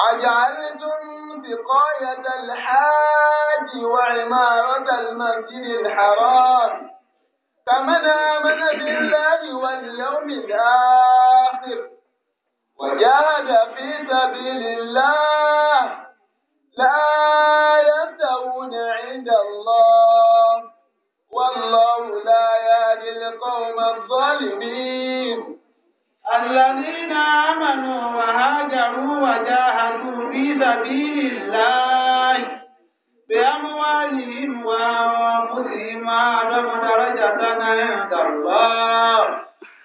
أجعلتم بقاية الحاج وعمارة المسجد الحرام فمن آمن بالله واليوم الآخر وجاهد في سبيل الله لا يستوون عند الله والله لا يهدي القوم الظالمين الذين آمنوا وهاجروا وجاهدوا في سبيل الله بأموالهم وأنفسهم أعظم درجة عند الله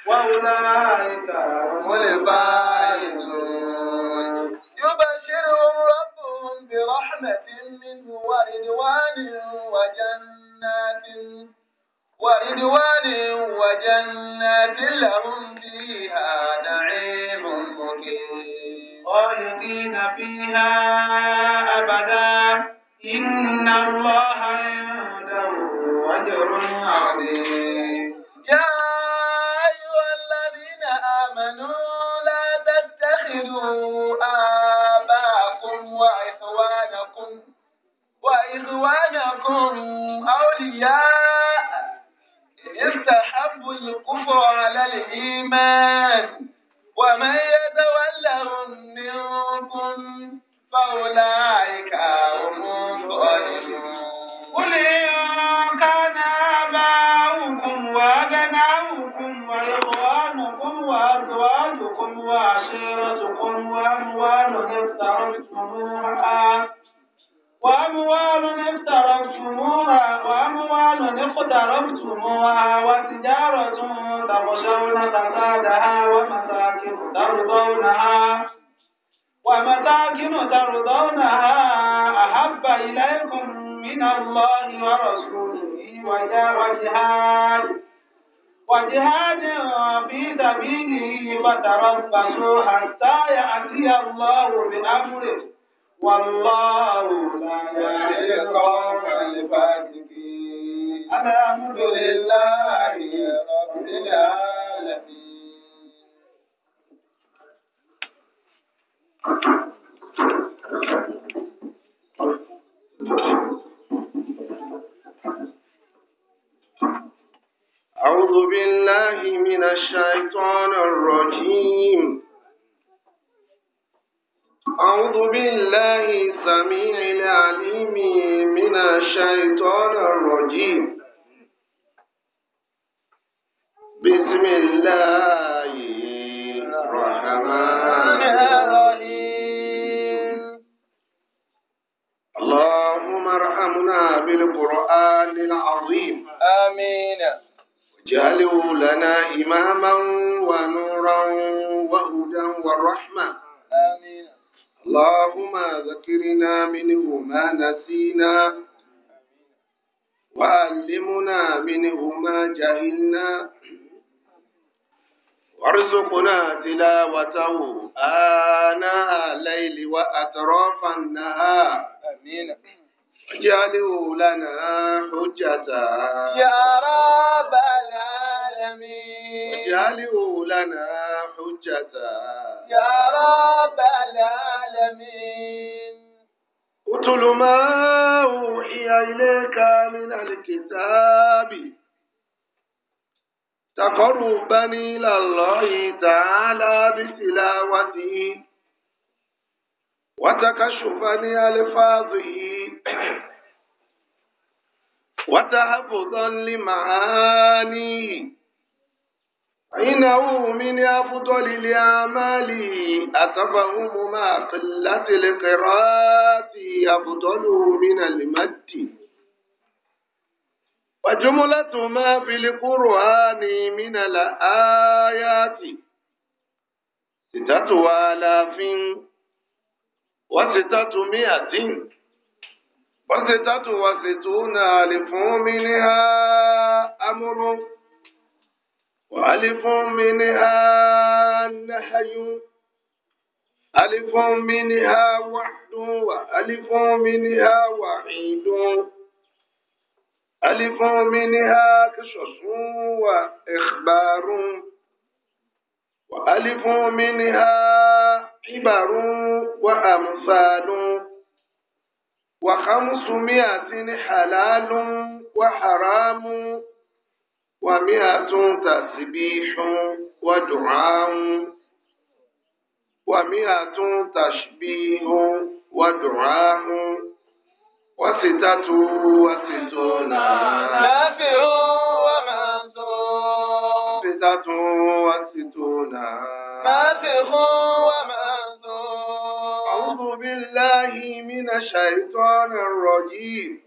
وأولئك هم الفائزون يبشرهم ربهم برحمة منه ورضوان وجنات ورضوان وجنات لهم فيها نَعِيمٌ مقيم خالدين فيها أَبَدًا إِنَّ الله عنده أجر عظيم يَا أيها الذين آمنوا لا تتخذوا آباءكم وَإِخْوَانَكُمْ وإخوانكم أولياء يستحب الكفر على الإيمان ومن يتولهم منكم فأولئك هم الظالمون قل إن كان آباؤكم وأبناؤكم وإخوانكم وأزواجكم وعشيرتكم وأموال اقترفتموها اقترفتموها وتجارة تخشون كسادها ومساكن ترضونها ومساكن ترضونها أحب إليكم من الله ورسوله وجهاد وجهاد في سبيله فتربصوا حتى يأتي الله بأمره والله لا يهدي القوم الفاسقين الحمد لله رب العالمين أعوذ بالله من الشيطان الرجيم أعوذ بالله السميع العليم من الشيطان الرجيم بسم الله الرحمن الرحيم اللهم ارحمنا بالقرآن العظيم آمين واجعله لنا إماما ونورا وهدى ورحمة آمين اللهم ذكرنا منه ما نسينا وعلمنا منه ما جهلنا وارزقنا تلاوته آناء الليل وأطراف النهار آمين واجعله لنا حجة يا رب العالمين واجعله لنا حجة يا رب العالمين اتل ما أوحي إليك من الكتاب تقربا إلى الله تعالى بتلاوته وتكشفا ألفاظه وتحفظا لمعانيه إنه من أفضل الأعمال أتفهم مع قلة القراءة أفضله من المد وجملة ما في القرآن من الآيات ستة آلاف وستمائة وستة وستون ألف منها أمر وألف منها نحي ألف منها وحد وألف منها وعيد ألف منها قصص وإخبار وألف منها عبر وأمثال وخمسمائة حلال وحرام ومائة تسبيح ودعاء ومائة تشبيه ودعاء وستة وستون نافع ومنصور ستة وستون نافع ومنصور أعوذ بالله من الشيطان الرجيم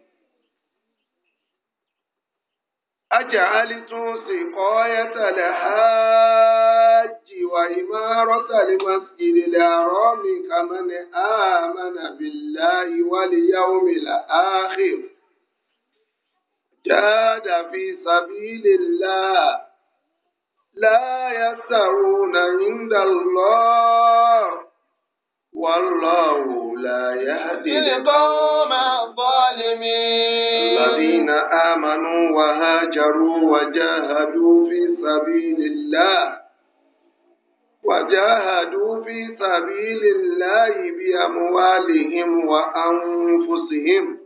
أجعلتم سقاية الحاج وإمارة المسجد الحرام كمن آمن بالله واليوم الآخر جاد في سبيل الله لا يسترون عند الله والله لا يهدي القوم الظالمين الذين آمنوا وهاجروا وجاهدوا في سبيل الله وجاهدوا في سبيل الله بأموالهم وأنفسهم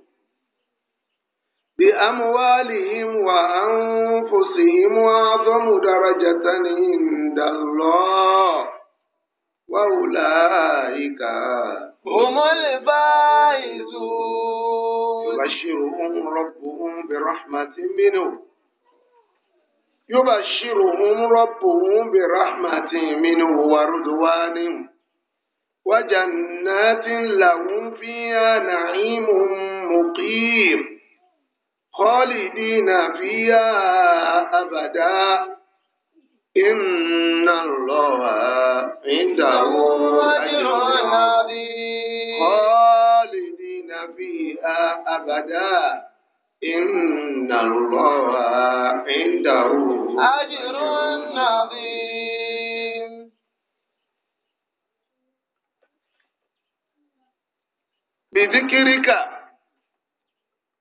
بأموالهم وأنفسهم أعظم درجة عند الله وأولئك هم الفائزون يبشرهم ربهم برحمة منه يبشرهم ربهم برحمة منه ورضوان وجنات لهم فيها نعيم مقيم خالدين فيها أبدا إن الله عنده أجر عظيم أبدا إن الله عنده أجر عظيم بذكرك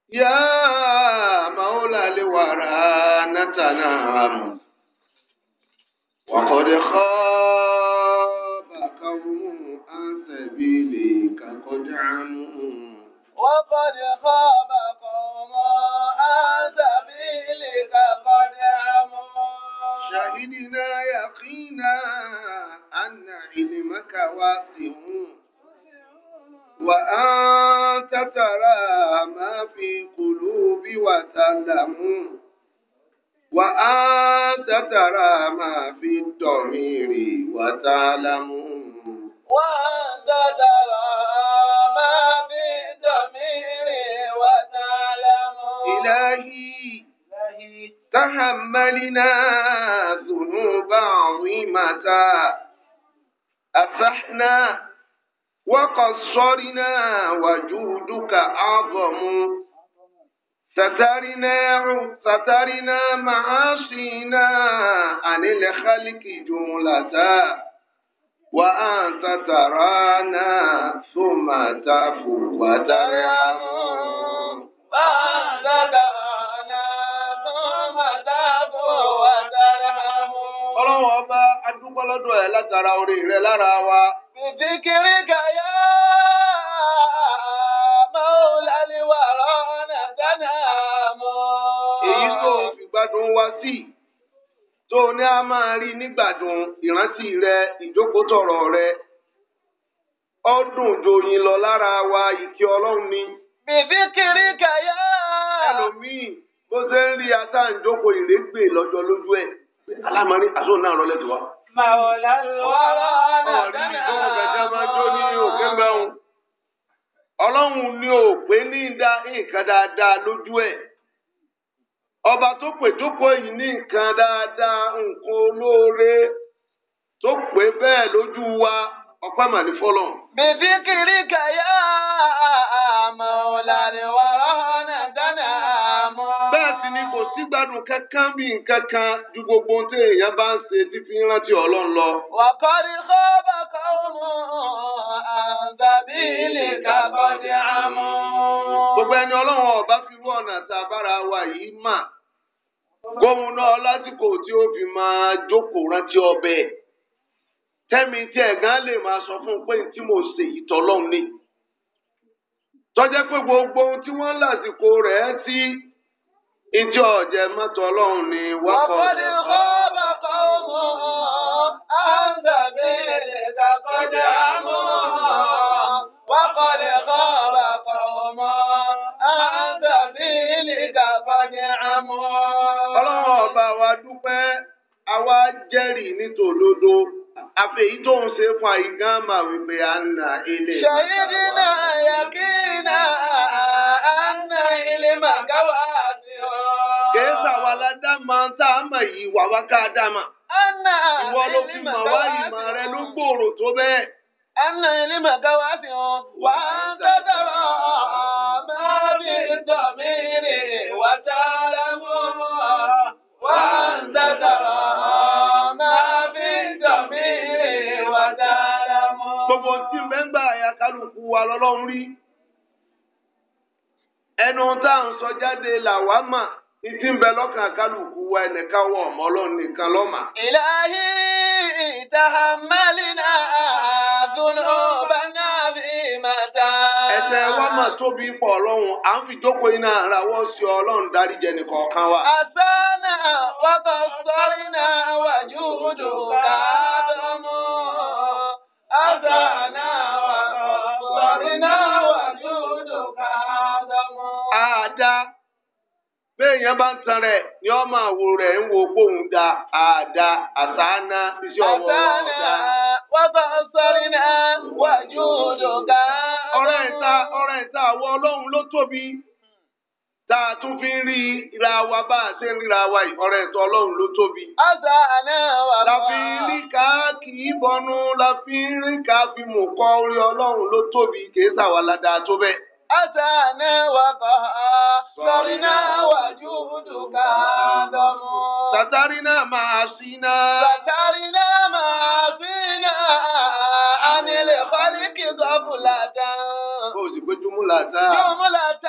يا مولى الورى نتنعم وقد خاب قوم عن سبيلك قد عموا وقد خاب قوم عن سبيلك قد عموا شهدنا يقينا أن علمك واسع وأنت ترى ما في قلوب وتعلم وأنت ترى ما في الضمير وتعلم وأنت ترى إلهي تحملنا ذنوب عظيمة أفحنا وقصرنا وجودك أعظم سترنا سترنا معاصينا عن الخلق جملة وأنت ترانا ثم تفوتنا Ọlọ́run ọba adúgbò ẹ̀ látara orí rẹ̀ lára wa. Ìdíkiri kàyà máa ń láliwà rọ́nà dáná mọ́. Èyí tó o fi gbádùn wá sí tó o ní a máa rí nígbàdùn ìrántí rẹ ìjókòtọ̀rọ̀ rẹ. Ọdún jòyìn lọ lára wa ìkí ọlọ́run ni. kiri kẹyà. ẹlòmíì bó ṣe ń rí ata ìjókòó ìrégbè lọ́jọ́ lójú ẹ̀ alámarí àṣọ náà rọlẹ̀ tó wa. màwòlá lọ́wọ́rọ́ ọ̀rí jó ní òkè ọlọ́run ni ò pé ní da nǹkan dáadáa lójú ẹ̀. ọba tó pè yìí ní nǹkan dáadáa nǹkan olóore tó pè bẹ́ẹ̀ lójú ọpẹ́ mà ní fọlọ. bìbí kiri kàyà Maulana wà rọ́nà dáná mọ́. bẹ́ẹ̀ sì ni kò sí gbádùn kankan bí nkankan ju gbogbo ohun tí èèyàn bá ń ṣe tí fi ń rántí ọlọ́run lọ. wàkọ́rí kọ́ bá kọ́ mọ́ àgbàbí lè kábọ́ ní àmọ́. gbogbo ẹni ọlọ́run ọba fi rú ọ̀nà tàbára wa yìí mà gómìnà ọlásìkò tí ó fi máa jókòó rántí ọbẹ̀ tẹ́mi tí ẹ̀gán lè máa sọ fún un pé tí mo ṣe ìtọ́lọ́hún ni. tọ́jẹ́ pé gbogbo ohun tí wọ́n lásìkò rẹ̀ tí ìjọ ọ̀jẹ̀ mọ́tò ọlọ́run ni wákọ̀. ọ̀pọ̀lọpọ̀ bàbá ọmọ àǹdà mi ìdàkọ̀jẹ̀ àmọ́ wákọ̀ lè kọ́ bàbá ọmọ àǹdà mi ìdàkọ̀jẹ̀ àmọ́. ọlọ́run ọba wa dúpẹ́ àwa jẹ́rìí nítòlódó àfi èyí tó ń ṣe fún àyè gan máa wí pé à ń na ilé. ṣèyídì náà yàkí náà à ń na ilé màgáwá àti ọ. kèé sàwọn aládámà tá a mọ̀ yìí wà wá ká dámà. Anna ìwọ ló fi mọ̀ wá ìmọ̀ rẹ ló gbòòrò tó bẹ́ẹ̀. Anna ilé màgáwá fi hàn wá ń tọ́tọ̀rọ̀ máa bí tọ̀mí rè wá tààrà. gbogbo tí ń ń gbà ya wa lọ́lọ́run rí ẹnu tá à ń sọ jáde làwa mà ní tí lọ́kàn wa ẹnìkan wọ ọmọ ọlọ́run nìkan lọ́mà. ìlàhí àdúró wa mà tóbi pọ̀ ọlọ́run à ń fi jókòó iná ara sí ọlọ́run wa. àṣà náà wàtò sọ́rí náà wàjú أذانا وغفرنا وجودك أعظم Ada béèyàn bá ń tan rẹ̀ ni ọ máa wo rẹ̀ ń wo gbóhùn da àdá àsáná iṣẹ́ ọwọ́ ọ̀dà. Àsáná wọ́n bá ń sọrí náà wájú òdòdó ká. Ọ̀rẹ́ ìta ọ̀rẹ́ ìta àwọ̀ ọlọ́run ló tóbi. tá a tún fi ń rí ra wa bá a ṣe ń ríra wa ọ̀rẹ́ ẹ̀tọ́ ọlọ́run ló tóbi. àṣà àná wà bá. la fi ń rí ká kì í bọnu la fi ń rí ká fi mọ̀ kọ́ orí ọlọ́run ló tóbi kì í ṣàwàlà dáa tó bẹ́ẹ̀. Asana wa kaha, sarina wa juhuduka damu. Satarina ma asina. Satarina ma asina. Anile khaliki gafulata. Bó o sì pé jumulata. Jumulata.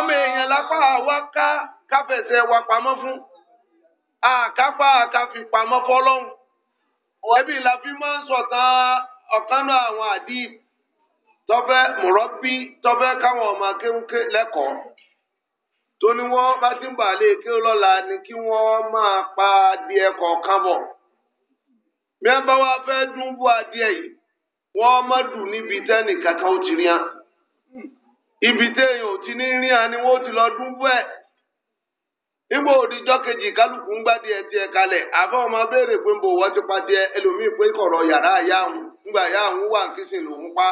ọmọ èèyàn lápá wa ká káfẹsẹ̀ wa pamọ́ fún àkápá káfi pamọ́ fọlọ́hún ẹbí la fi máa ń sọ̀tàn ọ̀kan náà àwọn àdí tọ́fẹ́ mọ̀rọ́bí tọ́fẹ́ káwọn ọmọ akéwúké lẹ́kọ̀ọ́ tó bá ti ń bà lé ni kí máa pa adìẹ wọ́n má dùn níbi tẹ́nì kankan ó ibi ò ti ní rí ani wọn ó ti lọ dúbọ ẹ nígbà òdìjọ kejì kálukú ń gbádìí ẹ tiẹ̀ kalẹ̀ àbá ọmọ abéèrè pé nbọ wọn ti pa tiẹ̀ ẹlòmíì pé yàrá ìyá àwọn ngbà wà ní kìsìn lòún pa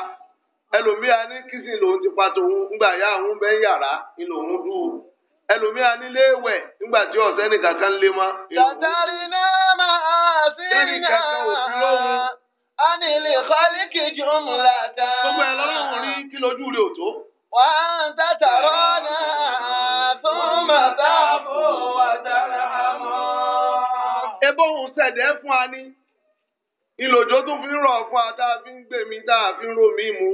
ẹlòmíì á ní kìsìn lòún ti pa tòun ni lòún ẹlòmíì á ọsẹ lé tàtàrí náà وأنت ترانا ثم تعفو fún wa ní. Ìlòjó tún fi ń rọ̀ fún wa tá a fi ń gbèmí tá a fi ń romí mu.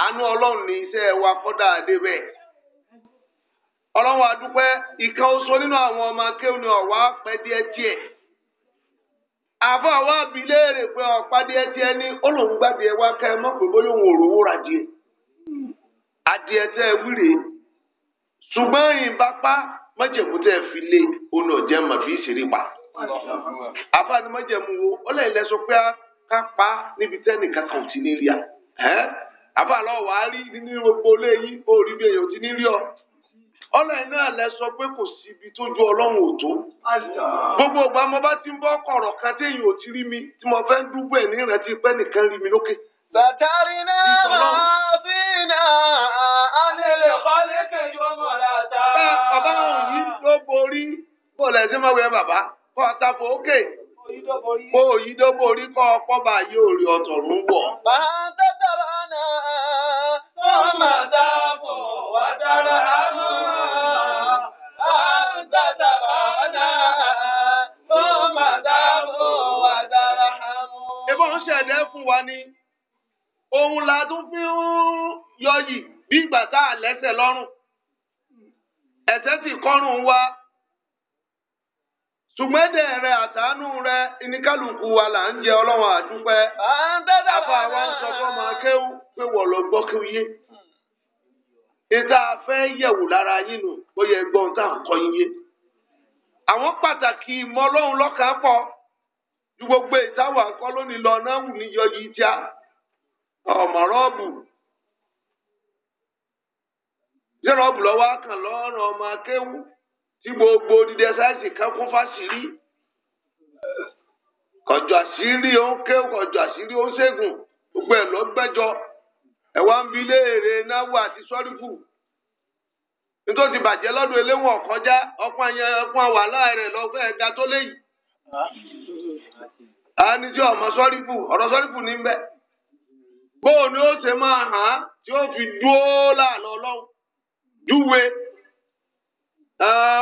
Àánú Ọlọ́run ní iṣẹ́ wa kọ́dà débẹ̀. Ọlọ́run àdúpẹ́ nínú àwọn ọmọ ni pẹ́ díẹ̀ díẹ̀ àbọ̀ àwọn pé ọ̀pá díẹ̀ díẹ̀ ní Adi tẹ wíre ṣùgbọ́n ìbápá májẹ̀mú tẹ fi lé ọ̀nà ọ̀jẹ̀ fi ṣeré pa. àfààní májẹ̀mú wo ọlẹ́yìn lẹ́sọ pé ká pa níbi tẹ́nì kankan ò ti ní rí a. àbálọ̀ wàá rí nínú gbogbo yìí ó rí bí èèyàn ò ti ní rí ọ náà pé kò sí ibi tó ju ọlọrun ò gbogbo mo ti ń kan téèyàn ò ti mi tí mo fẹ́ ń dúgbò ẹ̀ ní ìrántí mi lókè. فترنا غافنا عن الخلق جملة. bàbá òyì ló borí bó lẹ sí mọ̀wé bàbá kọ́ tapò òkè bó òyì ló borí kọ́ ọpọ́ bá yí òrì ọ̀tọ̀rún wọ̀. máa tẹ́tàrà náà tó máa dáàbò wá dára àmọ́ máa tẹ́tàrà náà tó máa dáàbò wá dára àmọ́. ebó ń ṣẹ̀dẹ̀ fún wa ni. òun la tún fi ń yọyì bí ìgbà tá a lẹ́sẹ̀ lọ́rùn ẹ̀sẹ̀ sì kọ́rùn wa ṣùgbọ́n èdè rẹ àtàánú rẹ ìníkàlùkù wa là ń jẹ ọlọ́run àdúpẹ́ àbá wa ń sọ fún ọmọ akéwù pé wọ́n lọ gbọ́ kí yé ìta fẹ́ yẹ̀wò lára yín nù tá à ń kọ́ yín àwọn ọmọrọ ọbù zero lọ lọ́wọ́ akàn ọmọ akéwù tí gbogbo dídẹ sáyẹnsì kan kún fásìrí kọjọ àṣírí ó ń kọjọ àṣírí ó ń gbogbo ẹ̀ ń bi léèrè náwó àti sọrífù nítorí bàjẹ́ lọ́dún eléwọ̀n kọjá a ní tí ọmọ sọrífù ọ̀rọ̀ sọrífù ní bóò ni ó ṣe máa hàn án tí ó fi dúó láàlọ́ ọlọ́run júwe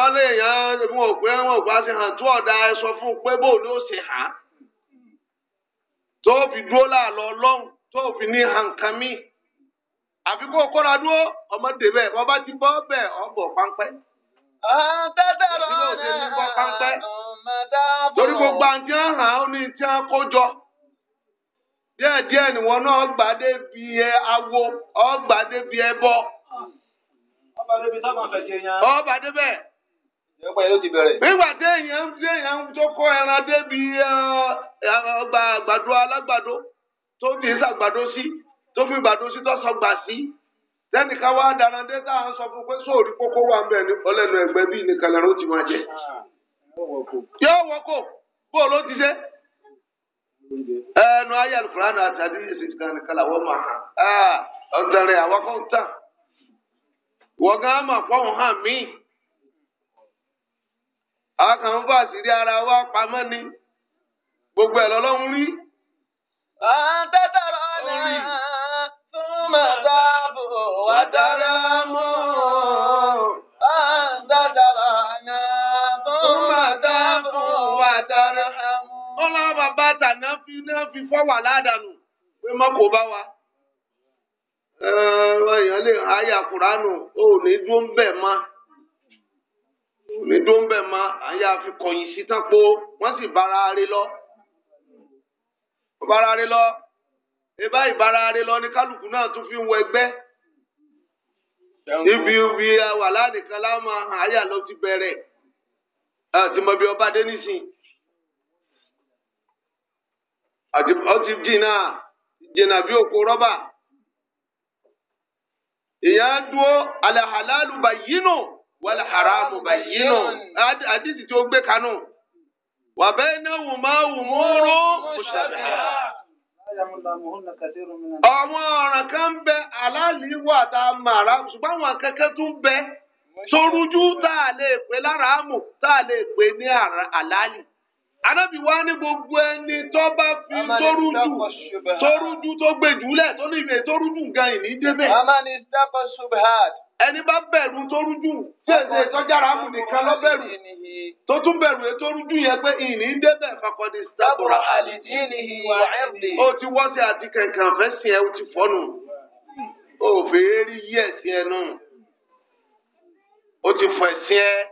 ọlẹ́ èèyàn ọ̀dà sọ fún un pé ni ó ṣe fi dúó láàlọ́ ọlọ́run fi ní hànkàn míì àfi kó kóra dúró ọmọdé bẹ́ẹ̀ bọ́ bá ti bọ́ bẹ́ẹ̀ ọ̀bọ̀ páńpẹ́. ọ̀tẹ́tẹ̀rọ̀ rẹ̀ ọ̀mọdé torí gbogbo àǹtí díẹ̀díẹ̀ ni wọn náà gbàdé bí ẹ awo ọ gbàdé bí ẹ bọ. ọba débi táwọn afẹjẹ yẹn. ọba débẹ̀. ìyẹ́pẹ́ yóò ti bẹ̀rẹ̀. nígbà téèyàn téèyàn tó kọ́ ẹran débi ọgbà àgbàdo alágbàdo tó ti ń sàgbàdo sí tó fi gbàdo sí tó sọgbà sí lẹ́nìkan wá darandé tá à sọ fún pé sóòrí kókó wà ń bẹ̀ ní ọlẹ́nu ẹgbẹ́ bíi nìkan lẹ́rọ ó ti jẹ. Ah, yóò wọ́kọ̀ bó ti ṣe. Enu ayé alukuraanu àtàdé yìí kan nìkan làwọn máa hàn ah, ọ̀dọ̀rẹ̀ àwọn kan tàn wọ́n gan ara wa pamọ́ ni gbogbo ẹ̀ lọ́lọ́run rí. àtẹ̀tẹ̀rọ̀ náà lẹ́tà náà fi náà fi fọ́ wà ládàánù pé má kó bá wa. èèyàn lè ráyà kúránù ó ní dúró ń bẹ̀ mọ́ ní dúró ń bẹ̀ mọ́ àyà fi kọ̀yìn sí tán po wọ́n sì bára rí lọ. bára rí lọ ìbá ìbára rí lọ ní kálukú náà tún fi ń wọ ẹgbẹ́ ibi ibi wà lánìkan láwọn àyà ló ti bẹ̀rẹ̀ àti mọ̀bí ọba dé nísìnyí àti ó ti jìnnà jìnnà bí òkú rọ́bà ìyẹn dúró alahalalu bayinu walaharamu bayinu àdìsí tí ó gbé kanú wà bẹ́ẹ̀ náà wù má wù múrú mùsàlẹ̀. àwọn ọ̀ràn kan ń bẹ aláàlí wà tá a mọ̀ ṣùgbọ́n àwọn akẹ́kẹ́ tún bẹ torújú tá a lè pè láràámù tá a lè pè ní àlàálì anábì wá ní gbogbo ẹni tó bá fi torújú torújú tó gbé jùlẹ̀ tó ní ìwé torújú nǹkan ìní débẹ̀. amani sábà subhad. ẹni bá bẹ̀rù torújú fèsì ìtọ́jára mù nìkan lọ bẹ̀rù tó tún bẹ̀rù torújú yẹn pé ìní débẹ̀ fakọ́dé sábà àlìdíìnì wà ẹ̀dì. ó ti wọ́sí àti kẹ̀kẹ́ àfẹ́sì ẹ̀ ó ti fọ́nù òfèèrè yí ẹ̀sìn ẹ̀ náà ó ti fọ ẹ̀sìn ẹ̀.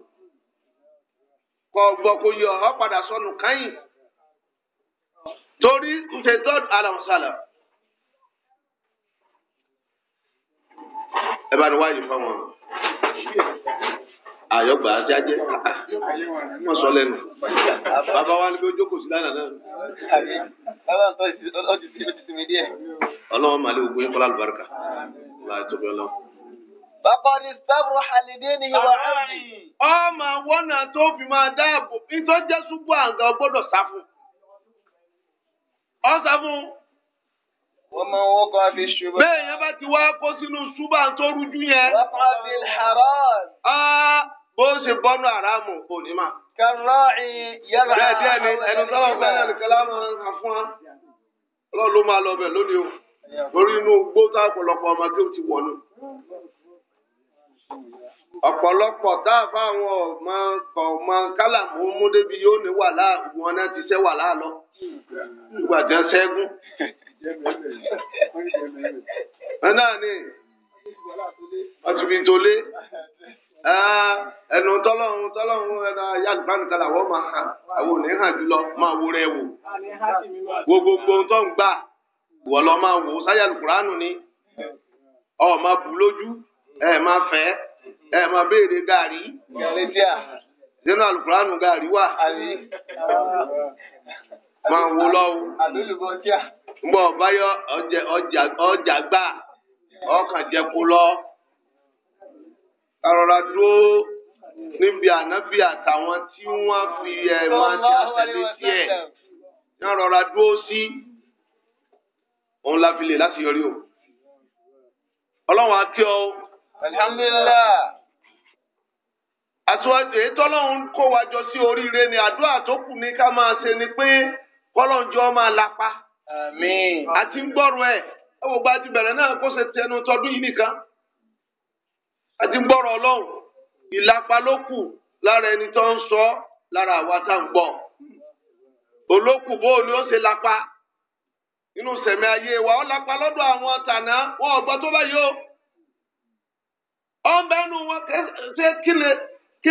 kọ gbọ́ kó yọ ọ padà sọnù káyìn torí ǹtẹ god alamusala ẹ bá ní wáyé fáwọn àyọgbà àti ajẹ wọn sọ lẹ́nu bàbá wa ni bí ó jókòó sí lánàá náà. bàbá mi ọ ti sinmi díẹ̀. ọlọ́run màálí ogun yín kọ́lá àlùbáríkà. ọlọ́run àti tóbi ọlọ́run. Bàbáni sábúrò àlèdé ni ìwà àmì. Ọmọ wọ́nà tó fi máa dáàbò nítorí jẹ́ súpọ̀ àǹgá gbọ́dọ̀ sá fún. Ọ sá fún. Wọ́n máa ń wọ́kọ̀ àfi ṣubú. Bẹ́ẹ̀ yẹn bá ti wá kó sínú ṣubú àǹtó rújú yẹn. Wọ́n máa fi haram. Bó ṣe bọ́nu àràmù kò ní mà. Kàráì yàrá. Bẹ́ẹ̀ díẹ̀ ni ẹni sábà fẹ́ràn nìkan láwọn ọ̀ràn fún wa. Ọlọ́run ló máa lọ bẹ̀ lónìí o. Lórí inú gbó tá ọ̀pọ̀lọpọ̀ tá a fa àwọn ọmọ ọmọ kálàmù mú débi yóò ní wàhálà wọn náà ti ṣe wàhálà lọ ìgbà jẹ́ ṣẹ́gun. wọn náà ní ọtúnbí tó lé ẹnu tọlọ́run tọlọ́run ẹnu ayélujára làwọn máa hàn àwọn òní hàn jùlọ máa wo rẹ wò wo gbogbo tó ń gbà wọ lọ máa wò sáyà lùkùránù ni ọ máa bù lójú ẹ máa fẹ́ ẹ máa béèrè gàrí. gàrí díà. nínú àlùkùránù máa wo lọ́wọ́. àdúlùbọ̀ díà. ọjà gbà ọkàn jẹ kó lọ. dúró níbi ànábì àtàwọn tí fi eh, ẹ̀ máa ní àtẹ̀lé sí ní dúró sí òun la fi o. ọ. alhamdulillah àtiwájú èyí tọ́lọ́run kó wa jọ sí oríire ni àdúrà tó kù ní ká máa ṣe ni pé máa lapa àti ń gbọ́rọ̀ ẹ wò gba ti bẹ̀rẹ̀ náà kó ṣe tẹnu tọdún yìí nìkan àti ń gbọ́rọ̀ ọlọ́run ẹni tó ń sọ lára àwa tá ni ó ṣe lapa nínú sẹ̀mí lapa lọ́dọ̀ àwọn tànà wọn ọbẹ̀ nu wọn ṣé kí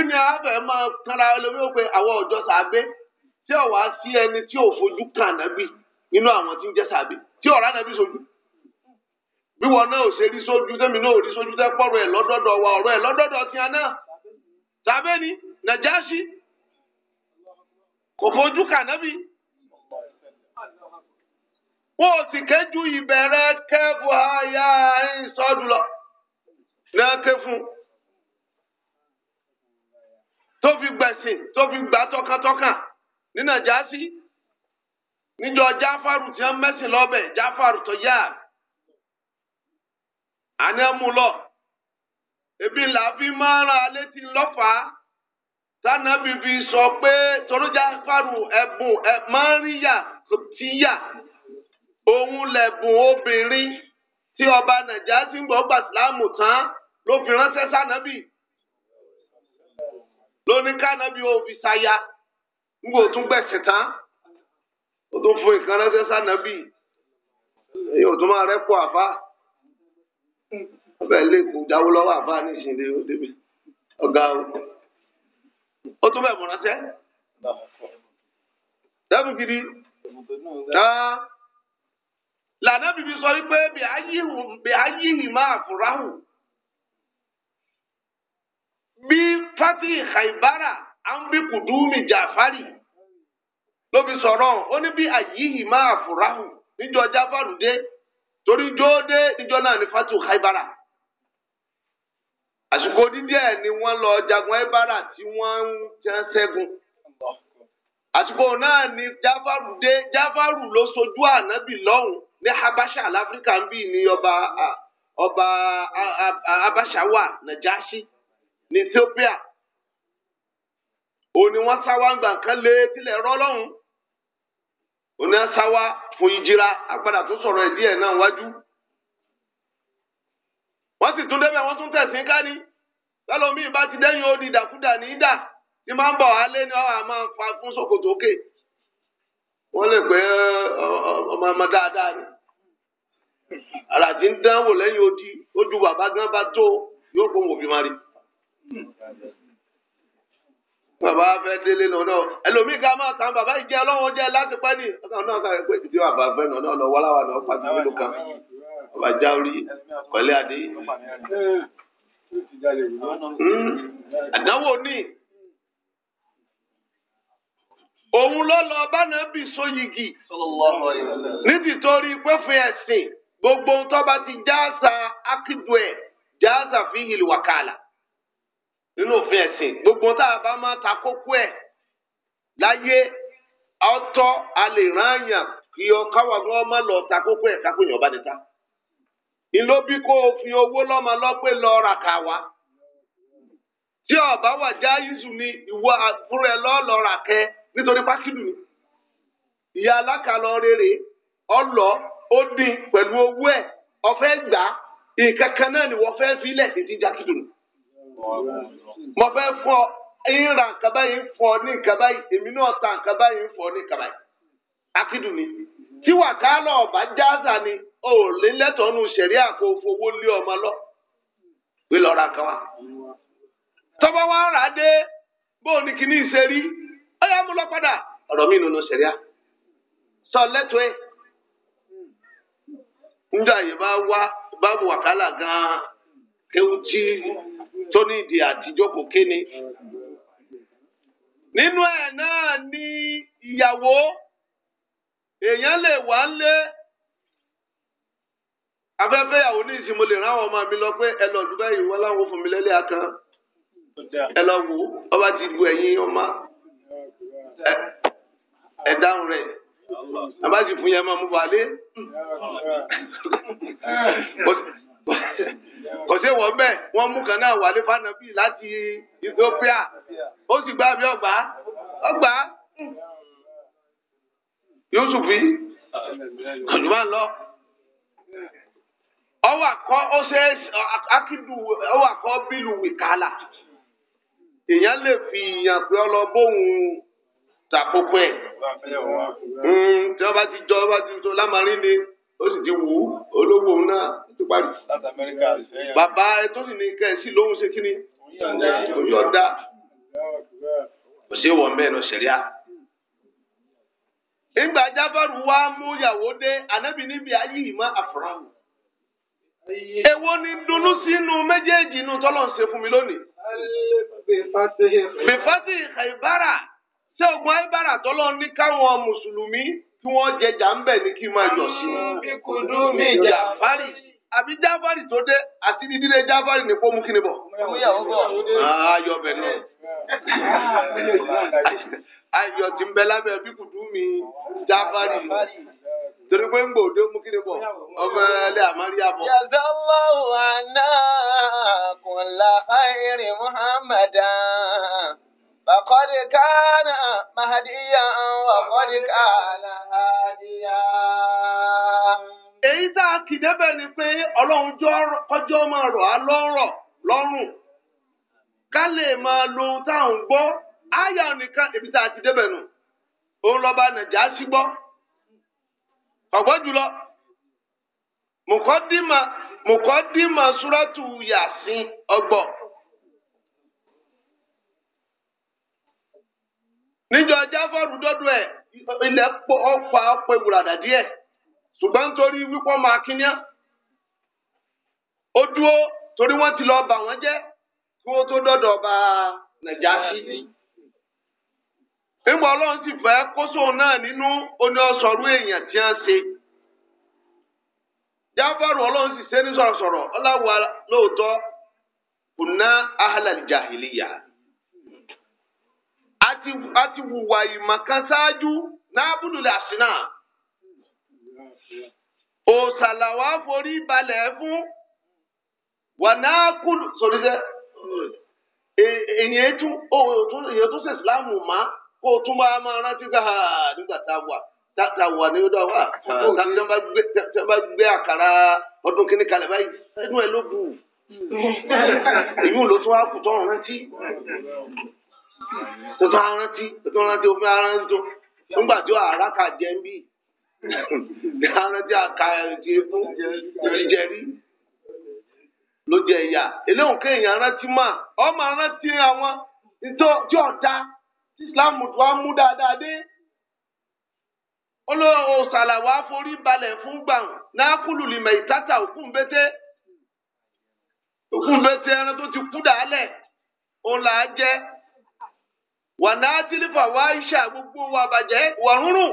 ni abẹ máa kanra ẹlẹ́mìí pé àwọn tí ọ̀ wá sí ẹni tí ò kan nínú àwọn tí ń jẹ́ tí sojú bí wọn náà o ṣe rí sójú tẹ́mi náà rí wa náà ni nàjàṣì kò fojú kan wọn ò sì náà ké fún tó fi gbẹ̀sìn tó fi gbà tọkàntọkàn ní nàjàásí níjọ jáfàrù tí wọn mẹsìn lọbẹ jáfàrù tó yá àná mú lọ ebi làbí máa ra létí lọ́fàá tánàbí fi sọ pé torójà fàrù ẹ̀bùn ẹ̀ máa ń rí yà tí yà òun lẹ̀bùn obìnrin tí ọba nàìjíríà ti ń gbọ́ gbà tán ló fi ránṣẹ́ sànàbì lóní kànàbì ó fi ṣaya ngbò tún gbẹ̀sẹ̀ tán ó tún fún ìkan ránṣẹ́ sànàbì tún máa rẹ́pọ̀ ọbẹ̀ lè jáwó lọ́wọ́ o ó tún bẹ̀ mọ̀ ránṣẹ́ gidi lànà sọ wípé bí bí fati khaibara ambi kudumi jafari ló fi sọ̀rọ̀ ó ní bí àyíhì máa furahu níjọ jafaru dé torí jóde níjọ náà ní fatu khaibara àsìkò dídíẹ̀ ni wọ́n lọ jagun aibara tí wọ́n ń tẹ́ ṣẹ́gun àsìkò náà ni jáfàrù dé jáfàrù ló sojú ànábì lọ́hùn ní habasha láfíríkà ń bì ní ọba ọba abasha wà nàjáṣí ní Ethiopia òní wọn sáwá gbà kan lé tilẹ̀ rọ́ lọ́hùn òní wọn sáwá fún ìjìra agbada tó sọ̀rọ̀ ẹ̀ díẹ̀ náà wájú wọ́n sì tún débẹ̀ wọ́n tún tẹ̀sín kárí lọ́lọ́mí ìbá ti dẹ́yìn ó di ìdàkúdà ní ìdà tí máa ń bọ̀ wá lé ní ọ̀rọ̀ àmọ́ fa fún ṣòkòtò òkè wọ́n lè pé ọmọ ọmọ dáadáa ni àràtí ń dánwò lẹ́yìn odi ojú bàbá gan bá tó yóò gbóhùn òbí máa rí bàbá fẹ́ délé nù náà ẹlòmíì ká máa tàn bàbá ìjẹ ọlọ́run jẹ láti pẹ́ ní ọkàn náà ká pé ìdí bàbá fẹ́ nù náà lọ wọ́láwà náà pàtó nílùú kan bàbá já orí pẹ̀lẹ́ adé. Hmm. àdánwò ní òun ló lọ bánàbì sóyigi nítorí pẹ́fẹ́ ẹ̀sìn gbogbo ohun tó bá ti jáàsà ákìdù ẹ̀ jáàsà fi hìlì wàkàlà. nínú òfin ẹ̀sìn gbogbo tá a bá máa ta kókó ẹ̀ láyé ọtọ́ a kí ọ ma lọ ta kókó ẹ̀ kápò yàn bá ní ta. ìlú bí kò fi owó lọ́mọ lọ́pẹ́ lọ ra kà wá. tí ọba wà já ni ìwọ ẹ rere ọlọ ó dín pẹ̀lú owó ẹ̀ ọ̀fẹ́ gbà náà mo fẹ́ fọ ọ ra nǹkan báyìí ń ní nǹkan báyìí èmi náà ta nǹkan báyìí ń ní ni tí wàkálà ọba jáàsà ni ò lè lẹ́tọ̀ọ́nù sẹ̀rí ọmọ lọ pé lọ́ra kan wa. tọ́ba wa rà dé bó o rí ó yà mú lọ padà ọ̀rọ̀ mi sọ lẹ́tọ̀ọ́ ẹ̀ yìí bá wá bá wàkálà gan ewu tí tó ní ìdí àtijókòó kéne. nínú ẹ̀ náà ni ìyàwó èèyàn lè wà ń lé afẹ́fẹ́ ìyàwó ní ìsìn mo lè rán àwọn ọmọ mi lọ pé ẹ lọ dúpẹ́ ìwọ láwọn fún mi lẹ́lẹ́ àkàn ẹ lọ wò ọba ti bu ẹ̀yìn ọmọ ẹ dáhùn rẹ̀ abájì fún yẹn máa mú wálé kò sí wọ́n bẹ́ẹ̀ wọ́n mú kan náà wálé fanabi láti Ethiopia ó sì gbá mi ọgbà ọgbà Yusuf yìí kòjúmọ́ lọ ọwọ́ akọ ọsẹ akidu ọwọ́ akọ bílù wìkálà èèyàn lè fi ìyàn pé ọlọ́bóhùn tàkókò ẹ̀ hmm, tí wọ́n bá ti jọ wọ́n bá ti tó lámarin ni ó sì ti wù ú olówó náà ti parí. bàbá tó sì ní ká ẹ sí lóhùn ṣe kí ni òyìn ọ̀dà kò sí wọ̀n bẹ́ẹ̀ lọ sẹ̀ríà. ìgbà jábọ̀rù wa mú ìyàwó dé ànábì níbi ayé ìmọ̀ àfúráwò. èwo ni dunú sínú méjèèjì inú tọ́lọ̀ ń ṣe fún mi lónìí. bìfátì ìbára ṣé ogun àìbára tọ́lọ̀ ní káwọn mùsùlùmí tí wọ́n jẹjà ń bẹ̀ ní kí n máa yọ̀ sí. kíkùdú mi jà fárì àbí jáfárì tó dé àti ní dídé jáfárì ní kó mú kíni bọ̀. Ah, ayọ̀ bẹ̀ náà ayọ̀ tí ń bẹ lábẹ́ bíkùdú mi jáfárì torí pé ń gbòdó mú kíni bọ̀ ọmọ ẹlẹ́ àmáríyá bọ̀. jazallahu anna kulla khairi muhammadan faqad kana mahdiyan wa qad kana hadiyan. èyí tá a kì débẹ̀ ni pé ọlọ́run kọjọ́ máa rọ̀ á lọ́rọ̀ lọ́rùn ká lè máa lo ohun tá à ń gbọ́ áyà nìkan èmi tá a ti débẹ̀ nù òun lọ́ba nàìjà sí gbọ́ ọ̀gbọ́n jùlọ yàsín níjọ jáfọ́rù ẹ̀ ilẹ̀ díẹ̀. ṣùgbọ́n nítorí wípọ́ máa kínyá ó dúró torí wọ́n ti lọ bà wọ́n jẹ́ kí wọ́n tó dọ́dọ̀ bá Nàjáṣì. ìmọ̀ ọlọ́run ti fẹ́ náà nínú oní ọ̀sọ̀rú èèyàn tí wọ́n ṣe. jáfàrù ọlọ́run sì ṣe ní sọ̀rọ̀sọ̀rọ̀ lóòótọ́ a ti wùwà ìmọ̀ kan ṣáájú náà òsàlà wa forí balẹ̀ fún wànákùlù sórí dẹ́ e, èyàn tún èyàn tún ṣe ìsìláàmù má kó o tún bá máa rántí ká nígbà tá a wà tá a wà ní ọdọ wa tá a bá gbé àkàrà ọdún kìíní kalẹ̀ báyìí inú ẹ ló bù èyí ló tún á rántí tó tún á rántí omi á tó nígbà tí ó jẹ́ ń bì ìdárántí àka ẹ̀jẹ̀ fún jẹ̀ríjẹ̀rí ló jẹ ìyá eléhùn kéèyàn rántí mà ọmọ rántí àwọn tí ọ̀dà tí Islam tó wá mú dáadáa dé olóòwò sàlàwà forí balẹ̀ fún gbàùn náà kúlù lìmẹ̀ ìtàtà òkú bété òkú bété ẹran tó ti kú dàálẹ̀ òun là á jẹ́ wà náà tìlífà wá iṣẹ́ gbogbo wa bàjẹ́ wà rúrùn.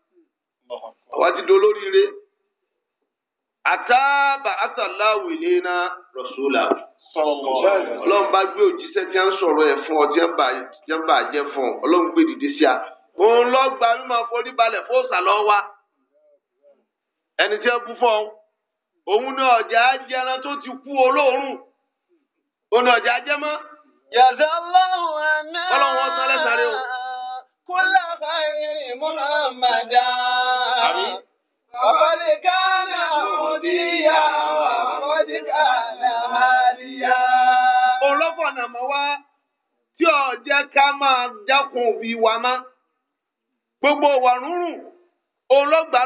àwa ti do lóríire àtàbà àtàláwò ìlera rọ̀ṣọ́là ọlọ́run bá gbé òjíṣẹ́ tí a ń sọ̀rọ̀ ẹ̀ fún ọ tí a ń bà jẹ́ fún ọ ọlọ́run gbé dìde sí a òun lọ gba mímọ forí balẹ̀ fóòsà lọ wa ẹni tí a bú fún ọ òun ní ọjà ajẹran tó ti kú olóòórùn òun ní ọjà ajẹmọ́. yàtọ̀ ọlọ́run àná ọlọ́run ọ̀sán lẹ́sàrẹ́ o. kúlẹ̀ ọ̀gá ìrìn múnà màdá. àbí. Ọ̀kọ́dé kánà wá tí máa òbí wa Gbogbo rúrùn,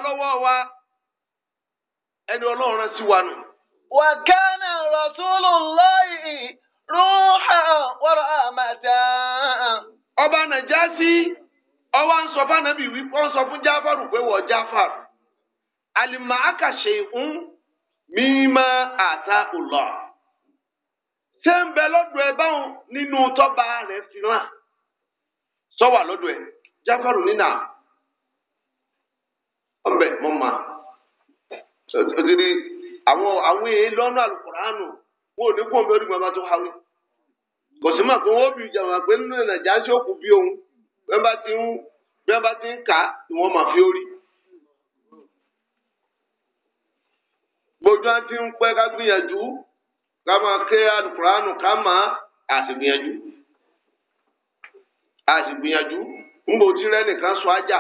lọ́wọ́ wa. Ẹni Ọlọ́run rán sí wa nù. Wa kana Rasulullahi ruha Ọba sí. ọwa nsọ sọ fánàbì wípé nsọ sọ fún jáfàrù pé wọ́n jáfàrù àlìmọ́ àkàṣe ń mímọ́ ṣé ń bẹ lọ́dọ̀ ẹ báwọn nínú tọ́ba rẹ fi hàn sọ́wà lọ́dọ̀ ẹ jáfàrù nínà àwọn àwọn èèyàn wọn ò ní kó ń bẹ tó kò wọn bí bí wọ́n bá ti ń bí wọ́n bá ti ń kà á ni wọ́n máa fi ó rí. gbogbo wọn ti ń pẹ́ ká gbìyànjú ká máa ké alukuraanu ká máa àṣìgbìyànjú àṣìgbìyànjú ńgbò tí rẹ́nìkan sọ ajá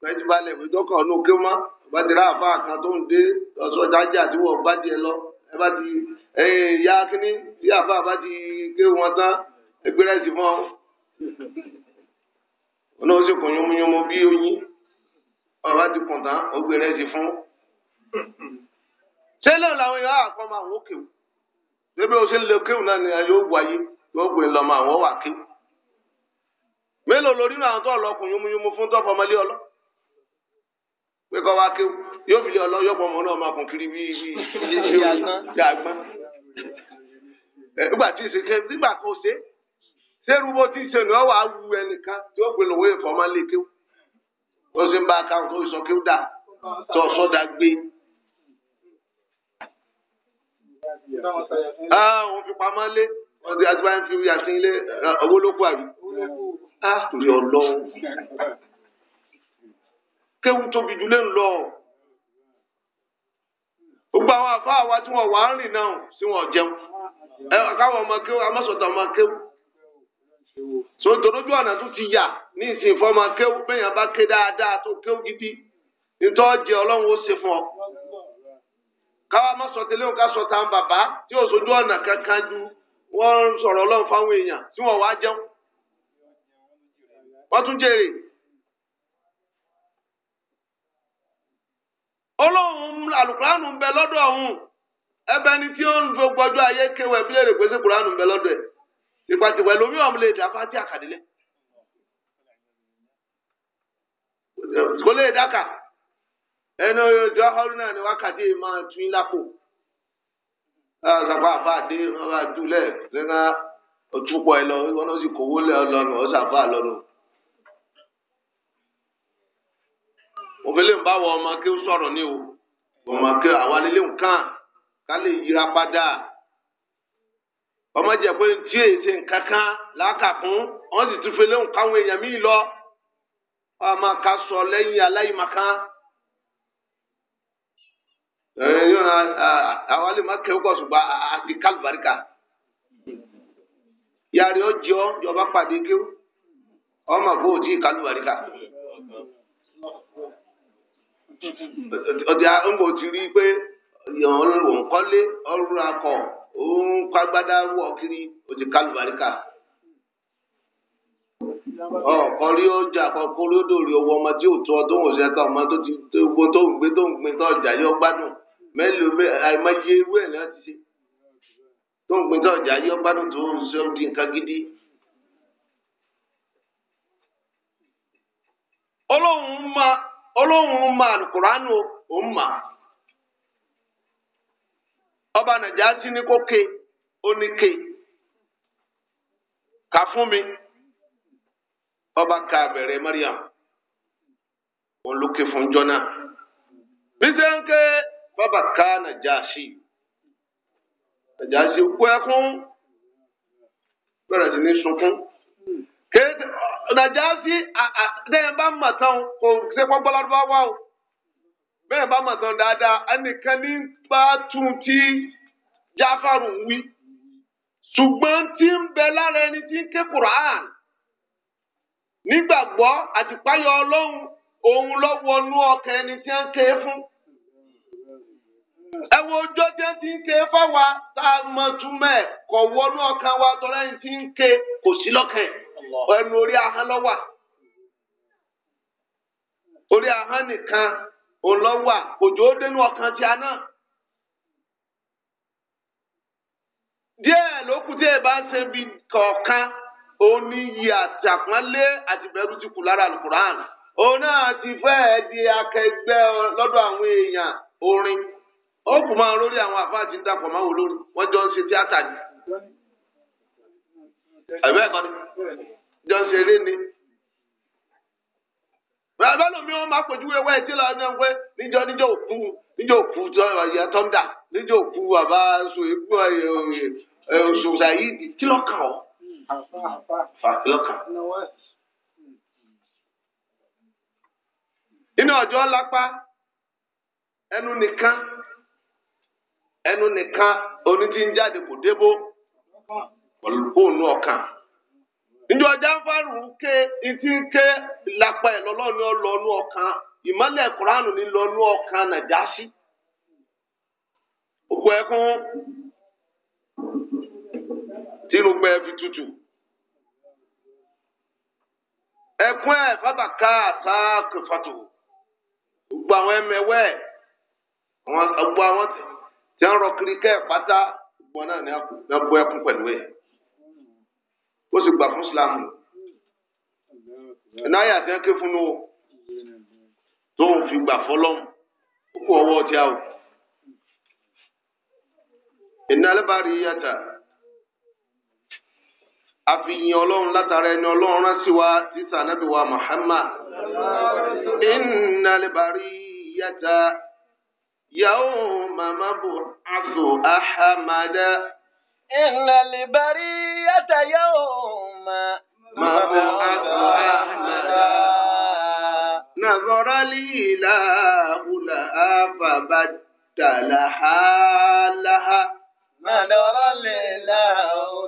pẹ́ẹ́tì balẹ̀ ìwé tọkàn ọ̀nà òkè mọ́ bàtìrá àfa kan tó ń dé ọ̀sọ́ jájà àti wọ́n bá díẹ̀ lọ ẹ bá ti ya kínní tí àfa bá ti gé wọn tán ẹgbẹ́rẹ́ sí mọ́ olóhùn sì kùn yúnmúyúnmú bí oyin ọba ti kùn tán ó gbé rẹ́sì fún. ṣé lóun làwọn èèyàn àpọ̀ máa wọ́n kéwù débi o ṣe ń lo kéwù náà ni ayé ó wáyé yóò gbé lọ́mọ àwọn wà kéwù. mélòó lórí náà tó ọlọ́kùn yúnmúyúnmú fún tó fọmọlé ọlọ́ pé kọ́ wá kéwù yóò fi lé ọlọ́ yóò pọ̀ mọ́ náà máa kùn kiri bí ìgbà tí ì sẹ́rù bó ti ṣe lọ́wọ́ wàá wu ẹnìkan tí ó gbé lọ́wọ́ ìfọ́ máa lé kéwù ó sì ń bá akáwọn tó sọ kéwù dà tó sọ́dà gbé. òun fi pamọ́ lé ọdún àti báyìí fi yà sí ilé owó ló kú àbí. a torí ọlọ kéwù tóbi jù lé gbogbo àwọn àfáà wa tí wọn wà á rìn náà sí wọn jẹun ẹ káwọn ọmọ kéwù amọ̀sọ̀tàn ọmọ kéwù so torójú ọ̀nà tó ti yà ní ìsìn fọ́ọ̀mà kéwú bẹ́yàn bá ké dáadáa tó kéwú gidi nítọ́ jẹ ọlọ́run ó ṣe fún ọ. káwa má sọ tẹ́lẹ̀ òun ká sọ tá à ń bàbá tí ò sójú ọ̀nà kankan ju wọ́n ń sọ̀rọ̀ ọlọ́run fáwọn èèyàn tí wọ́n wá jẹun. wọ́n tún jèrè. ọlọ́run alùpùránù ń bẹ lọ́dọ̀ ọ̀hún ẹbẹ ni tí ó ń gbọ́jọ́ ayé kéwọ́ ẹbí lè rè pé sí kùránù ń bẹ lọ́dọ̀ ẹ̀ ìpàtìwẹ̀ lómi ọ̀hún lè dá fáti àkàdélé kò lè dáka ẹnu ìjọ ọ̀hún náà ni wákàtí máa tún lápò àgbà àfa àdé ọba àdúlẹ̀ lẹ́nà ọ̀túnpọ̀ ẹ̀ lọ wọn sì kówó lẹ̀ lọ́nu ọ̀sán àfa lọ́nu. òfìlẹ̀ ń bá wọ ọmọ kí ó sọ̀rọ̀ ní o ọmọ kí àwa lélẹ̀ ń kàn ká lè yíra padà. ọmọ jẹ pé tí èsè nkankan làákàkún wọn sì tún fẹlẹ nkáwọn èèyàn míì lọ ọmọ ká sọ lẹ́yìn aláìmọ̀kan yóò na àwọn alẹ ṣùgbọ́n àti kálùbáríkà yàrá ọjọ́ yọba pàdé kí ọmọ o tí kálùbáríkà ọdẹ ọgbọn ti rí i akọ. ó ń kágbádá kiri ó ti kálùbáríkà ọkọ rí oúnjẹ àkọ́kọ́ rí rí ọmọ tí ò tó ọdún òṣèlú ẹka ọmọ tó ti tó ń gbé tó ń gbin tó ọjà yóò gbádùn mélòó àìmọye irú ti ṣe di nǹkan gidi. Ọlọ́hun ma mà ọba nàjàásí ní kó ke oníke kà fún mi ọba ka bẹ̀rẹ̀ mariam wọn ló ké fún jọ́nà bísí ń ké bàbá ká nàjàásí nàjàásí kú ẹkún bẹ̀rẹ̀ sí ní sunkún kéde nàjàásí dẹ́yìn bá mọ̀ tán kò ṣe kó gbọ́ládùn o. bẹ́ẹ̀ bá mọ̀ tán dáadáa ẹnìkan ní bá tún tí jáfàrù wí ṣùgbọ́n tí ń bẹ lára ẹni tí ń ké Qur'an nígbàgbọ́ àtìpáyọ ọlọ́run òun ẹni tí ń fún ẹ wo ọjọ́ tí ń ké fáwa tá a mọ túmọ̀ wa tọ́lá ẹni tí ń ké kò sí lọ́kàn ẹ̀ òun lọ wà òjò dénú ọkàn tí a náà. díẹ̀ ló kù tí bá ṣe bí kọ̀ọ̀kan òun ní àtàpọ́nlé àtìbẹ̀rù ti kù lára alukuran òun náà ti fẹ́ẹ̀ di akẹgbẹ́ lọ́dọ̀ àwọn èèyàn orin ó kù máa lórí àwọn àfáà ń máa wò lórí wọ́n jọ ń ṣe tíátà ni ni jọ ń ṣe eré bẹ́lómi wọn máa pèjúwe wá etí lọ ní ẹgbẹ́ níjọ níjọ òkú níjọ òkú ìyá tọ́ndà níjọ òkú bàbá sòyìnbó òṣòṣà yìí kí ló kàn ọ́ fà kí ló kàn. inú ọjọ́ lápá ẹnu nìkan ẹnu nìkan oní ti ń jáde kò débó kò nù ọkàn njọ jáfàrù ń ké etí ń ké lápá ẹ lọlọ́ọ̀ni ọlọ́ọ̀nù ọ̀kan ìmọ̀lẹ̀ kuránù ní lọ́ọ̀nù ọ̀kan nàjàsí òkú ẹkún tínúgbẹ fi tutù ẹkún ẹ fàbàkà àtàkùfàtò gbogbo àwọn ẹmẹwẹ gbogbo àwọn tí wọn rọ kiri kẹ pátá gbogbo náà ní ẹkún pẹ̀lú ẹ ó sì gbà fún islam ẹ̀ náà yàtọ̀ ké fún un tó ń fi gbà fọlọ́mù ó kú ọwọ́ ọtí àwọ̀ ìnálẹ́bàárí yàtà àfihàn ọlọ́run látara ẹni ọlọ́run rán sí wa títà nábì wa Muhammad ìnálẹ́bàárí yàtà yàwó màmá bò àfò àhàmàdá. إن البرية يوم ما بعد أحمد نظر لا لها فبدل حالها نظر لا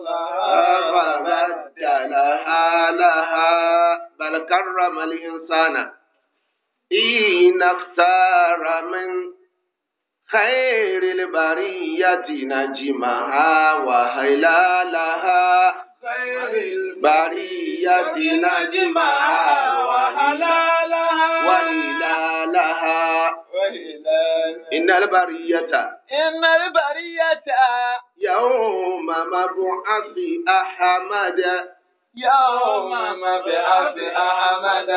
لها فبدل حالها بل كرم الإنسان إن اختار من خير البرية نجمها وهلالها خير البرية نجمها وهلالها وهلالها إن البرية إن البرية يوم مبعث أحمد يوم مبعث أحمد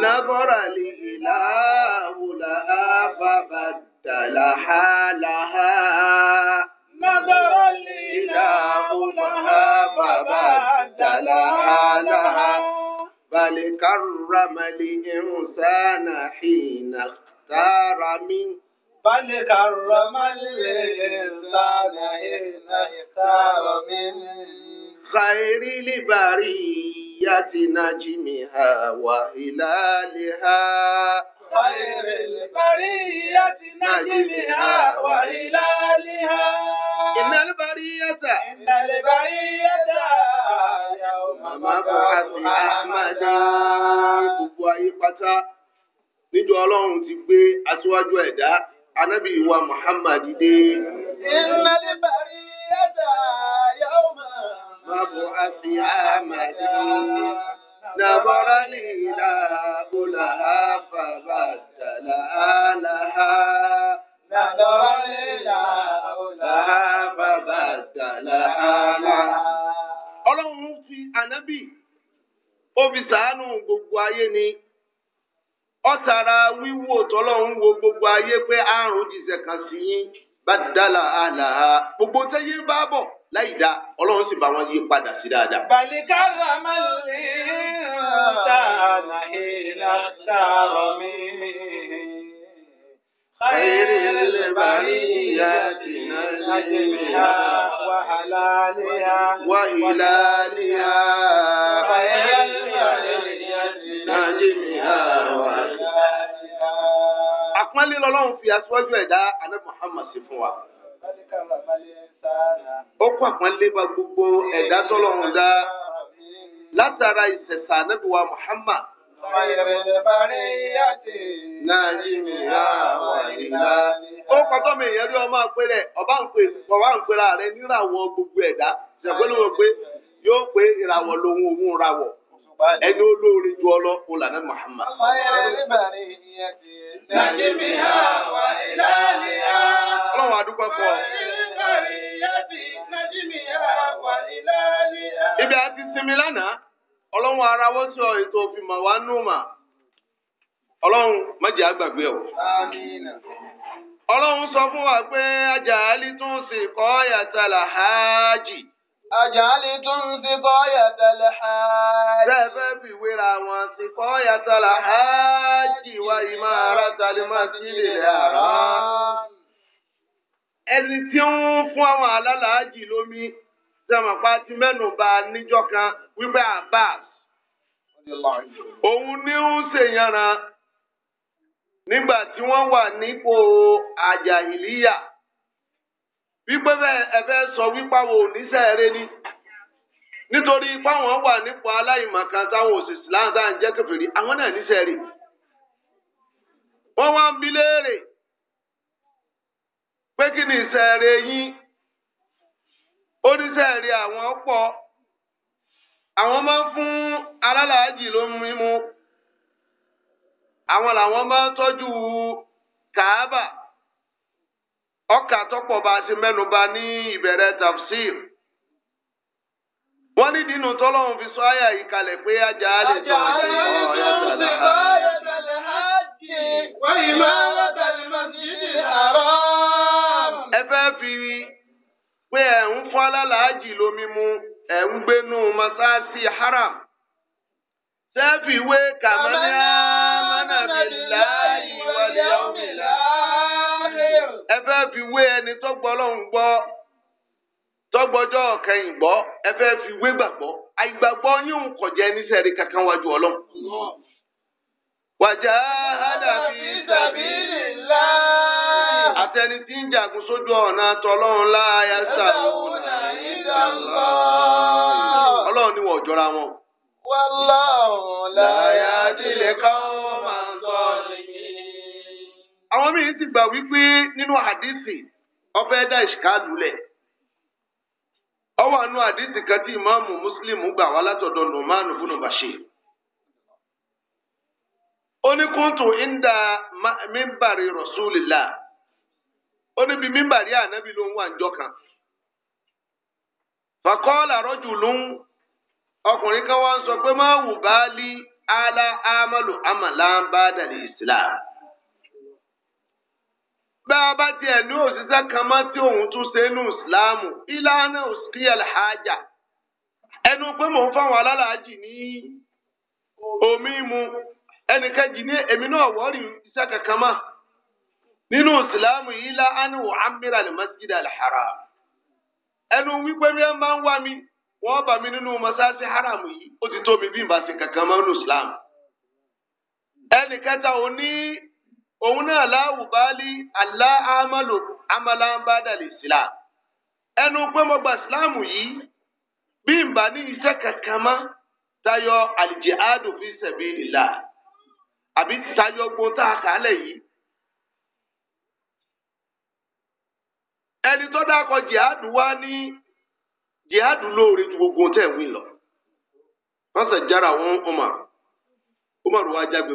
نظر الإله لها فبدا لها لها نظر الإله لها لها بل كرم الإنسان حين اختار من بل كرم الإنسان حين اختار من خير لبرية نجمها وهلالها خير البرية نجمها وهلالها إن البرية إن البرية يوم مبعث أحمدا gbogbo ayé pátá níjọ ọlọ́run ti gbé aṣíwájú ẹ̀dá anábì wa muhammad dé. إن البرية يوم مبعث أحمدا. نظر الإله لها فبدل لها ọlọ́run fi gbogbo ayé ni ọ̀tara wíwò tọ́lọ́run wo gbogbo ayé pé àrùn jìṣẹ́ kan sí yín bá dàlà àlàá gbogbo tẹ́yẹ bá bọ̀. láì dá ọlọ́run sì bá wọn yí padà sí dáadáa. bàlíkà ramali tààlà ìlà tààrọ mi. خير البرية نجمها وحلالها وهلالها خير البرية نجمها وحلالها. àpọ́nlé lọ́lọ́run fi aṣíwájú ẹ̀dá ànábì Muhammad sí fún wa ó kọ́ àpọ́nlé bá gbogbo ẹ̀dá tọ́lọ́run dá látara ìṣẹ̀ṣà anábìwá Muhammad. Ó kọ́tọ́ mi ìyẹn rí ọmọ àpẹẹrẹ ọba ń pera rẹ níràwọ̀ gbogbo ẹ̀dá ṣàpẹ́lú wọn pé yóò pé ìràwọ̀ lòun òun ràwọ̀. ẹni olóore ju ọlọ ọlà náà Muhammad. ọlọ́run ọ. ibi àti sinmi lánàá ọlọ́run arawọ́ sí ọ ètò òfin mà wá nù ọlọ́run má ọ. ọlọ́run sọ fún wa pé kọ́ yàtàlá أجعلتم سقاية الحاج سبب ولا وسقاية الحاج وإمارة المسجد الحرام ẹni tí ń fún àwọn alálàájì lómi sẹmọpá ti mẹ́nu kan wípé Abbas òun ní ń ṣèyànra nígbà tí wọ́n wà nípò àjàhìlíyà. wípé efe sọ wípé àwọn oníṣẹ́ rẹ ni nítorí fáwọn wà nípò aláìmọ̀kan táwọn òṣìṣẹ́ láǹdà ń jẹ́ kẹfìrí àwọn náà níṣẹ́ rẹ wọ́n wá ń bi léèrè pé kí ni iṣẹ́ rẹ yín oníṣẹ́ rẹ àwọn pọ̀ àwọn máa ń fún alálàájì ló mímú àwọn làwọn máa ń tọ́jú kàábà. Ọka tọpọ bá si ní ìbẹ̀rẹ̀ tafsir ní dínú fi sọ àyà yìí kalẹ̀ pé ajá lè tọ àṣẹ ọyàtàlẹ hajj wa imamata al-masjidil haram. ẹ fẹ́ fi pé ẹ̀ ń mu ẹ̀ ń masáàsì haram. wé láàyè ẹ fẹ́ fi ẹni tó gbọ́ ọlọ́run gbọ́ kẹyìn gbọ́ ẹ fẹ́ fi wé gbàgbọ́ àìgbàgbọ́ yín ń ẹni kankan wájú ọlọ́run. wàjà ọ na ńlá. àtẹni tí ń jagun ọlọ́run ni wọ́n jọra wọn. láyà àwọn míì ti gbà wípé nínú àdìsí ọfẹ́ dá ìṣìkàlù lẹ̀ ọwọ́ àánú àdìsí kan tí ìmáàmù mùsùlùmù gbà wá látọ̀dọ̀ nùmánù bùnú bashir ìndà mímbàrí rọ̀ṣúlìlá ó ní mímbàrí ànábì ló ń wà njọ́ kan fàkọ́ọ̀là rọ́jù ló ń ọkùnrin kan wá ń sọ pé wù bá lí ala amalu Amala bá dàlí islam. bá a bá tiẹ̀ ní òṣìṣẹ́ kan mọ́ tí òun tún ṣe nù ìsìláàmù ìlànà òsìkí alhaja ẹnu pé mò ń fáwọn alálàájì ní omi mu ẹnìkejì ní èmi náà wọ́ọ̀rì iṣẹ́ kankan mọ́ nínú ìsìláàmù yìí lá ánú amíra masjid alharam ẹnu wípé bí máa ń wá mi wọ́n bà nínú haram yìí ó ti tó mi bí n kankan mọ́ nínú ìsìláàmù ẹnìkẹta ò ní. òun náà láwùbálí aláàmọ́lò ala sílá ẹnu pé mo gba ìsìláàmù yìí bí n bá ní iṣẹ́ kankan mọ́ tayọ aljihadu fi sabilillah àbí tayọ gbọ́n tá a kà á lẹ̀ yìí. ẹni tó jihadu wá ní jihadu lóore ju gbogbo tẹ̀ wí lọ. wọ́n jara jára wọn Umar Umar wá jágbe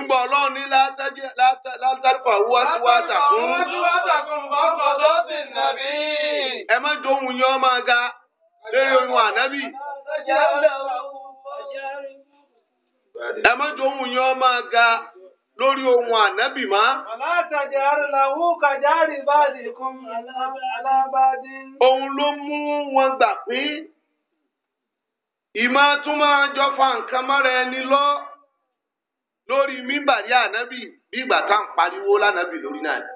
Ngbọ ọlọ́run ní látàrífà wá sí wá sàkún. Ẹ má jóhun yín ọmọ ga lórí ohun anabi. ga lórí ohun Alátajà kún alábàádì. Òun ló mú wọn gbà pín. Ìmọ̀ fa nǹkan mọ́ra lọ. lórí mímbàrí ànábì bí ìgbà tá à ń pariwo lánàbì lórí náà ni.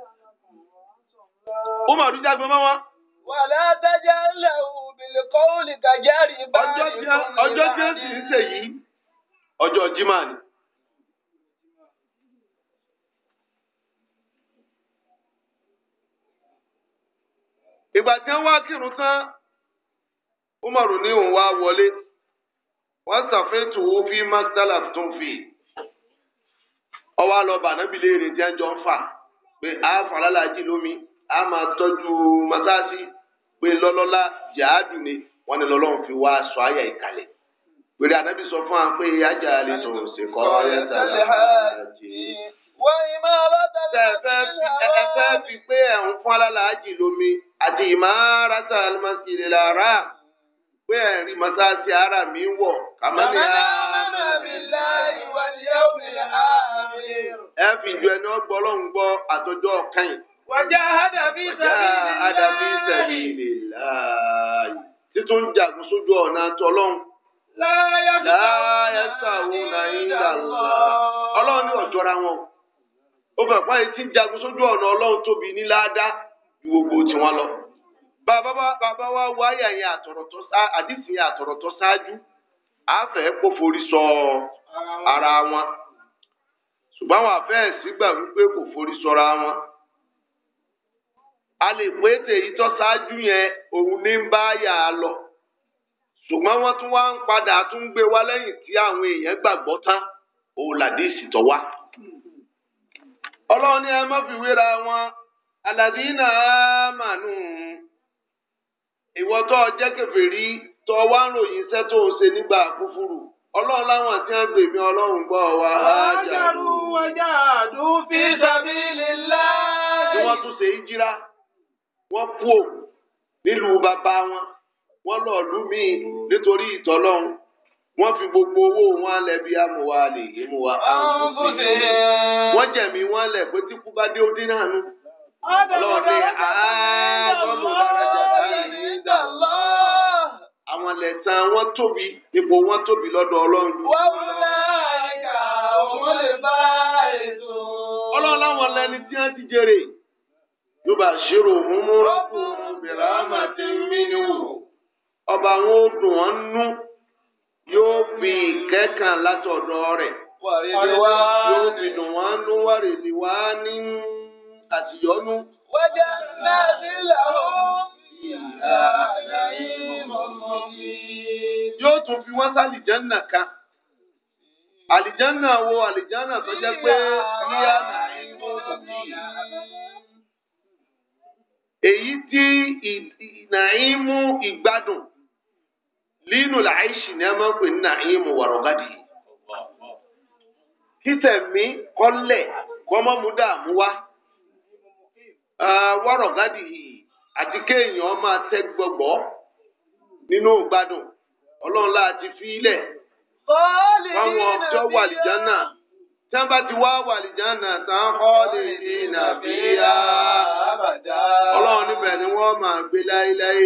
ó mà rújà gbọmọ wọn. wàlá tájà ńlẹ̀ òbílẹ̀ kọ́ọ̀lì kàjárì bá rí ọjọ́ tí ó sì ń ṣe yìí ọjọ́ jimá ni. ìgbà tí wọ́n wá kírun tán Umaru ní òun wá wọlé wọ́n ṣàfihàn tó fi máa tó ń fi ọwọ́ àlọ́ba ànábì léèrè tí wọ́n jọ ń fà pé a fà lálàájì lómi a máa tọ́jú masáàsì pé lọ́lọ́lá jihadu ni wọ́n ní lọ́lọ́run fi wá aṣọ àyà ìkàlẹ̀ pèrè ànábì sọ fún wa pé ajá lè tó ṣe kọ́ ẹ̀ta ẹ̀fẹ́ fi pé ẹ̀hún fún alálàájì lómi àti ìmárata almasiri lára pé ẹ̀rí masáàsì ara mi wọ̀ kàmáníà. ẹ fi ju ẹni ọgbọ Ọlọ́run gbọ́ àtọjọ́ kẹyìn. wàjà àdàbí sẹbìlì láàyè. títún jagun sójú ọ̀nà tọlọ́run. atọ sáwọn nàìjíríà lọ. Ọlọ́run ní ọjọra wọn. ó fẹ́ pààyè tí ń jagun sójú ọ̀nà Ọlọ́run tóbi ní ládàá ju gbogbo tiwọn lọ. bàbá wa wáyà yẹn ṣáájú àfẹ́ forí sọ ara wọn ṣùgbọ́n àwọn àfẹ́ẹ̀sì gbà wípé kò kòforí sọra wọn a lè pé tèyí tó ṣáájú yẹn òun ní ń bá yà á lọ ṣùgbọ́n wọ́n tún wá ń padà tún gbé wá lẹ́yìn tí àwọn èèyàn gbàgbọ́ tán òun làdí ìsìtọ̀ wá. ọlọ́run ní ẹ má fi wéra wọn aládìí náà mànú ìwọ́tọ́ jẹ́ rí. tó wá ń ròyìn iṣẹ́ tó ṣe nígbà kúfúrú ọlọ́run láwọn tí wọ́n gbèmí ọlọ́run gbọ́ wa. ajaru ajadu fi sabilillah. tí wọ́n tún ṣe ìjírá wọ́n kú ò nílùú bàbá wọn wọ́n lọ lú mi nítorí ìtọ́lọ́run wọ́n fi gbogbo owó wọn lẹ̀ bí amòwà lè yé mu wa. wọ́n jẹ̀mí wọn lẹ̀ pé tí kú bá dé ó dín náà nù. ọlọ́run ní àádọ́mù dára jẹ́ báyìí àwọn lẹ́tàn wọn tóbi ipò wọn tóbi lọ́dọ̀ ọlọ́run. wọ́n lẹ́ ká òun lè bá ètò. ọlọ́run láwọn lẹni tí wọ́n ti jèrè. yóò ṣírò mímú rọ́pùn bẹ̀rẹ̀ àmàtí mímú. ọba àwọn odùn wọn nú yóò fi ìkẹ́kàn látọ̀dọ̀ rẹ̀. yóò fi dùn wọn nú wàrẹ̀ ni ní àtìyọ́nú. wọ́n náà sílẹ̀ ó. yóò tún fi wọ́n sálìjánà kan àlìjánà wo àlìjánà tó jẹ́ pé níyà èyí tí nàímú ìgbádùn nínú làáìsì ni a máa ń pè ní nàímú wàrọ̀gádì títẹ̀mí kọ́lẹ̀ kọ́mọ́mú dààmú wá ah, wàrọ̀gádì yìí. àti kéèyàn máa tẹ́ gbọgbọ́ nínú ìgbádùn ọlọ́run láti fi ilẹ̀ fáwọn ọjọ́ wàlìjánà tí wọ́n bá ti wá wàlìjánà tán ọ́ọ́lì ìdínà bí i àbàdá ọlọ́run níbẹ̀ ni wọ́n máa gbé láéláé.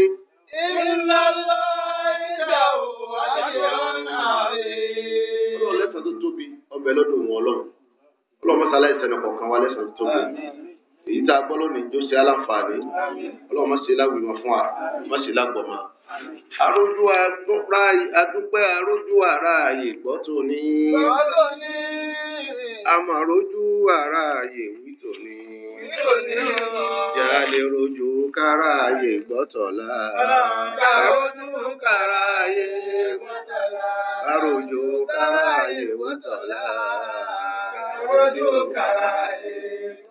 ìlànà ìjà ò wáyé ọ̀nà rẹ̀. ọlọ́run lẹ́sàn tó tóbi ọbẹ̀ lọ́dọ̀ wọn ọlọ́run ọlọ́run mọ́sálá ìsẹ̀nà kọ̀ọ̀kan wa tó tóbi èyí tá a gbọ́ lónìí jó ṣe aláǹfààní ọlọ́run má ṣe láwùjọ fún wa má ṣe lágbọ̀mọ́. arójú adúpẹ́ arójú ara ààyè gbọ́ tó ní. àmọ̀ arójú ara ààyè wí tó ní. Ìyá lè rojú kára ààyè gbọ́tọ̀lá. Arójú kára ààyè gbọ́tọ̀lá. Arójú kára ààyè gbọ́tọ̀lá. Arójú kára ààyè.